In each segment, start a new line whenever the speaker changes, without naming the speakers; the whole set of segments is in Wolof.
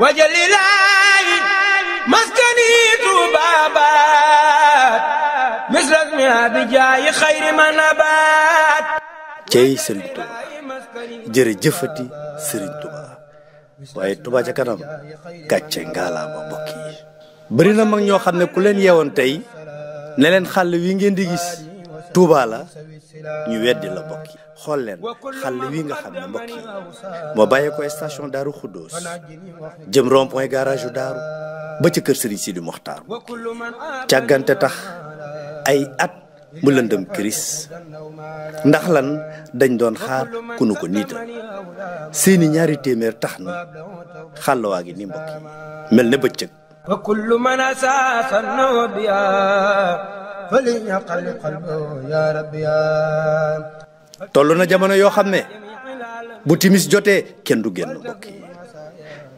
wajalilaayi maskani tubaabaat misras mi abijaayi xayri ma nabaat
cey sëriñ Tuba jërëjëfati sëriñ Tuba waaye Tuba ca kanam gàcce ngaalaama mbokk yi bëri na mag ñoo xam ne ku leen yeewoon tey ne leen wi ngeen di gis Touba la ñu weddi la mbokk yi xool leen xàll wi nga xam ne mbokk yi moo bàyyee ko station Daaru Xuddoos jëm rond point garage yu Daaru ba ca kër Serigne Sidi Moxtaar jàggante tax ay at mu lëndëm kiris ndax lan dañ doon xaar ku nu ko niital seeni ñaari téeméer tax na xàll waa ngi ni mbokk mel ne bëccëg. toll na jamono yoo xam ne bu timis jotee kenn du génn mbokk yi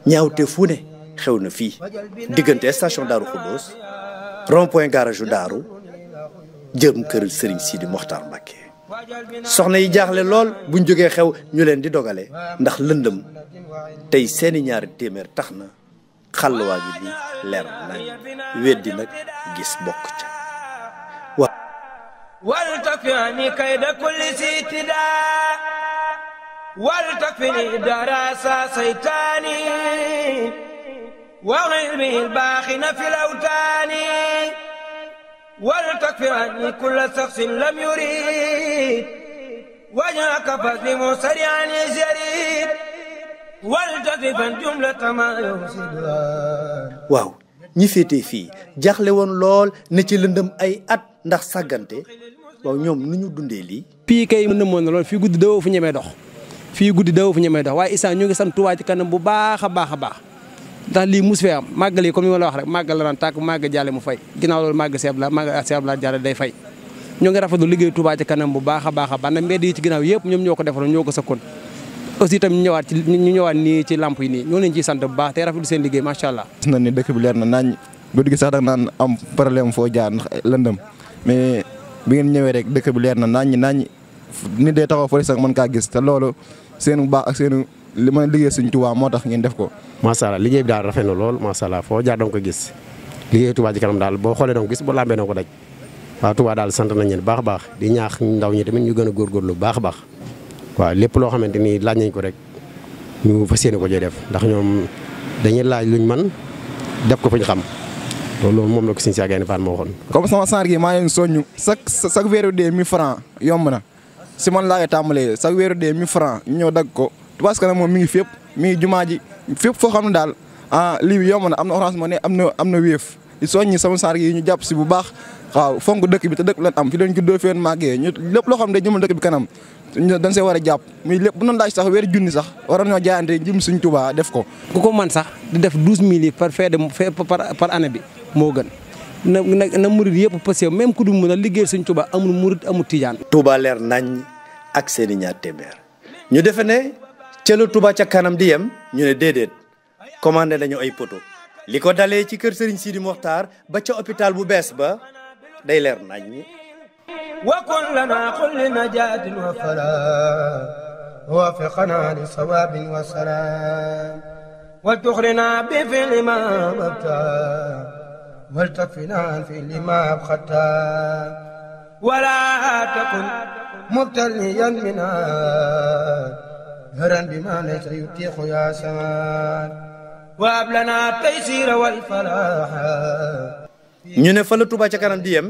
ñaawte fu ne xew na fii diggante station Daaru Xuddoos rond point garage Daaru jëm kër Serigne Sidi Moxtaar Mbàkke soxna yi jaaxle lool buñ jógee xew ñu leen di dogale ndax lëndëm tey seeni ñaari téeméer tax na xàlluwaa ji bi leer nañ weddi nag gis bokk ca
ولتكفني كيد كل استداء ولتكفني دراسة سيتاني وعلمي الباخن في الأوتان ولتكفني كل شخص لم يريد وجهك فاسلم سريعا يزيد ولتكفا جملة ما
يفسدان
waaw ñi féetee fii jaaxle woon lool ne ci lëndëm
ay at ndax saggante waaw ñoom nu ñu dundee lii. fii kay mën na mën na lool fii guddi dawoo fu ñemee dox fii guddi dawoo fu ñemee dox waaye Issa ñu ngi sant Touba ci bu baax a baax a baax ndax lii mus fee am màggal yi comme ni ma la wax rek màggal la daan màgg jàlle mu fay ginnaaw loolu màgg seeb la màgg seeb la jàlle day fay. ñoo ngi rafetlu liggéey Touba ci kanam bu baax a baax a baax ndax mbedd yi ci ginnaaw yëpp ñoom ñoo ko defaroon ñoo ko sakkoon aussi itam ñu ñëwaat ci ñu ñëwaat nii ci lamp yi nii ñoo leen ciy sant bu baax te rafetlu seen liggéey macha allah. gis na ni dëkk bi leer na nañ am problème foo jaar ndax lëndëm mais bu ngeen ñëwee rek dëkk bi leer na naññi naññi nit day taxaw fële
sax mën kaa gis te loolu seenu baax ak seenu li mën a liggéey Sëñ moo tax ngeen def ko.
macha allah liggéey bi daal rafet na lool macha allah foo jaar danga ko gis liggéey Tuubaa ci daal boo xoolee danga gis boo làmbee danga ko daj waaw Tuubaa daal sant nañ leen baax baax di ñaax ndaw ñi tamit ñu gën a góorgóorlu baax baax waaw lépp loo xamante ni laaj nañ ko rek ñu fas yéene ko jëf def ndax ñoom dañuy laaj luñ man def ko fuñ xam loolu moom la ko sëñ Cheikh Gaïndé Fatma waxoon. comme sama sànq gi maa ngi leen weeru dee 1000F yomb na si man laa koy tàmbalee chaque weeru dee 1000 ñëw dagg ko parce que nag moom mi ngi fépp mi jumaa ji fépp foo xam ne daal ah lii yomb na am na orange money am na am na wéef di soññi sama sànq yi ñu jàpp si bu baax waaw fonk dëkk bi te dëkk lañ am fi leen juddoo lépp loo xam ne day jëmal dëkk bi kanam. dañ see war a jàpp muy lépp bu noonu laaj sax weer junni sax waroon ñoo jaayante jëm suñ Tuubaa def ko. ku ko man sax di def douze mille yi par fee de par par année bi. moo gën na na murid yëpp passé même ku du mën a liggéey suñ Touba amul murid amul tijaan.
Touba leer nañ ak seeni ñaar téeméer ñu defe ne ca la ca kanam di yem ñu ne déedéet commandé nañu ay poto li ko dalee ci kër Serigne Sidi Mokhtar ba ca hôpital bu bees ba day leer nañ.
وكن لنا كل نجاة وفلاح ووفقنا لصواب وسلام وتخرنا بفعل ما مبتاه ولتكفنا عن فعل ما أبختا ولا تكن مبتليا منها هرا بما ليس يتيح يا سمان وهب لنا التيسير والفلاح
ñu ne fa la Touba ca kanam di yem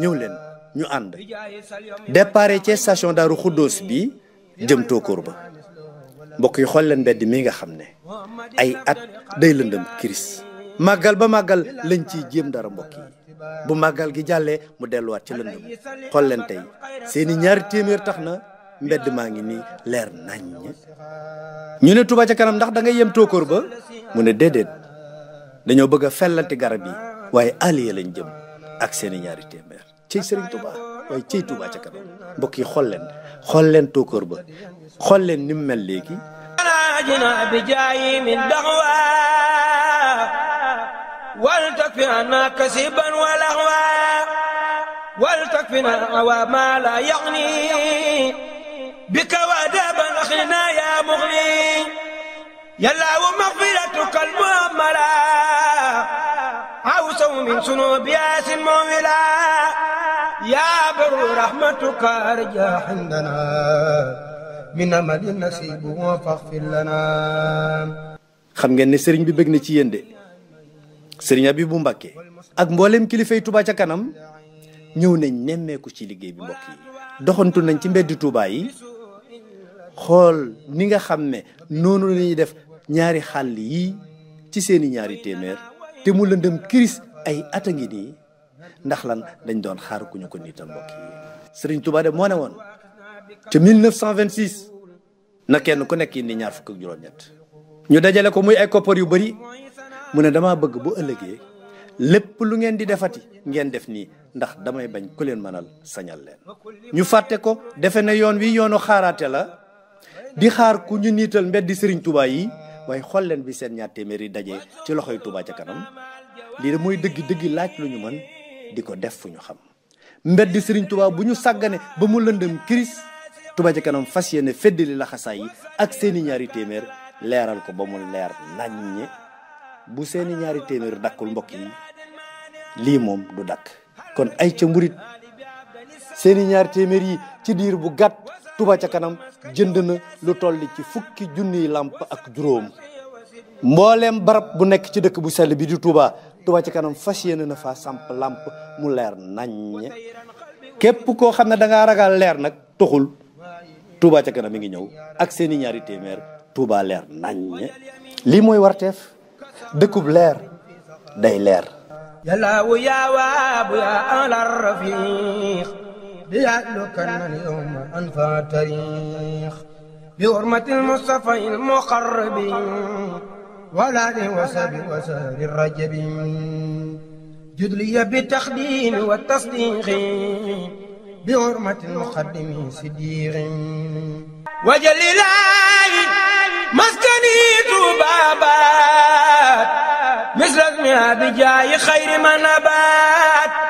ñëw leen ñu ànd départ ci station Daaru Xuddoos bi jëm Tookoor ba mbokk yi xool leen mbedd mi nga xam ne ay at day lëndëm kiris màggal ba màggal lañ ci jéem dara mbokk yi bu màggal gi jàllee mu delluwaat ci lëndëm xool leen tey seeni ñaari téeméer tax na mbedd maa ngi nii leer nañ ñu ne Touba ca kanam ndax da yem tóokóor ba mu ne déedéet dañoo bëgg a fellanti garab yi waaye allié lañ jëm ak seeni ñaari téeméer ciy sëriñ Touba waaye ciy Touba ca kanam mbokk yi xool leen xool leen tóokóor ba xool leen ni mu mel léegi.
ولتكفنا كسبا ولهوا ولتكفنا وما لا يغني بك ودابا أخينا يا مغني يا الله مغفرتك المؤملة عوسا من سنوب ياس مولا يا بر رحمتك أرجى عندنا
من أمل نسيب فاغفر لنا xam ngeen
ne sëriñ bi bëgg na ci yéen de Serigne Abibou Mbacké
ak mboolem kilifay Touba ca
kanam ñëw nañ nemmeeku ci liggéey bi mbokk yi doxantu nañ ci mbeddi Touba xool ni nga xam ne noonu la def ñaari xàll yi ci seeni ñaari téeméer te mu lëndëm kiris ay at a ngi nii ndax lan dañ doon xaar ku ñu ko niital mbokk yi. Serigne Touba de moo ne woon te 1926 na kenn ku nekk indi ñaar fukk ak juróom-ñett ñu dajale ko muy ay koppar yu bari mu ne damaa bëgg bu ëllëgee lépp lu ngeen di defati ngeen def nii ndax damay bañ ku leen mënal sañal leen ñu fàtte ko defe ne yoon wi yoonu xaaraate la di xaar ku ñu niital mbedd sëriñ Touba yi waaye xool leen bi seen ñaar téeméer yi dajee ci loxoy Touba ca kanam lii de mooy dëgg dëgg laaj lu ñu mën di ko def fu ñu xam mbeddi sëriñ Touba bu ñu sàggane ba mu lëndëm kiris Touba ca kanam fas yéene feddali laxasaay yi ak seeni ñaari téeméer leeral ko ba mu bu seeni ñaari téeméer dakkul mbokk yi lii moom du dakk kon ay ca mburit seeni ñaari téeméer yi ci diir bu gàtt tubaa ca kanam jënd na lu toll ci fukki junniy làmp ak juróom mboolem barab bu nekk ci dëkk bu sell bi di Touba Touba ca kanam fas yéene na fa samp làmp mu leer naññ képp koo xam ne danga ragal leer nag toxul tubaa ca kanam mi ngi ñëw ak seeni ñaari téeméer Touba leer naññ lii mooy warteef dëkkub leer
day leer yallaawu yaa waabu yaa ala rafiq di yàllukan al yowma anfa tariq
bi um hurmati almustafa almuqarrabi wala li wasabi wasabi rajabi judliya bi taxdimi wa tasdiqi bi hurmati almuqaddimi siddiqi
wajalilaayi maskani tubaaba الدنيا بجاي خير ما نبات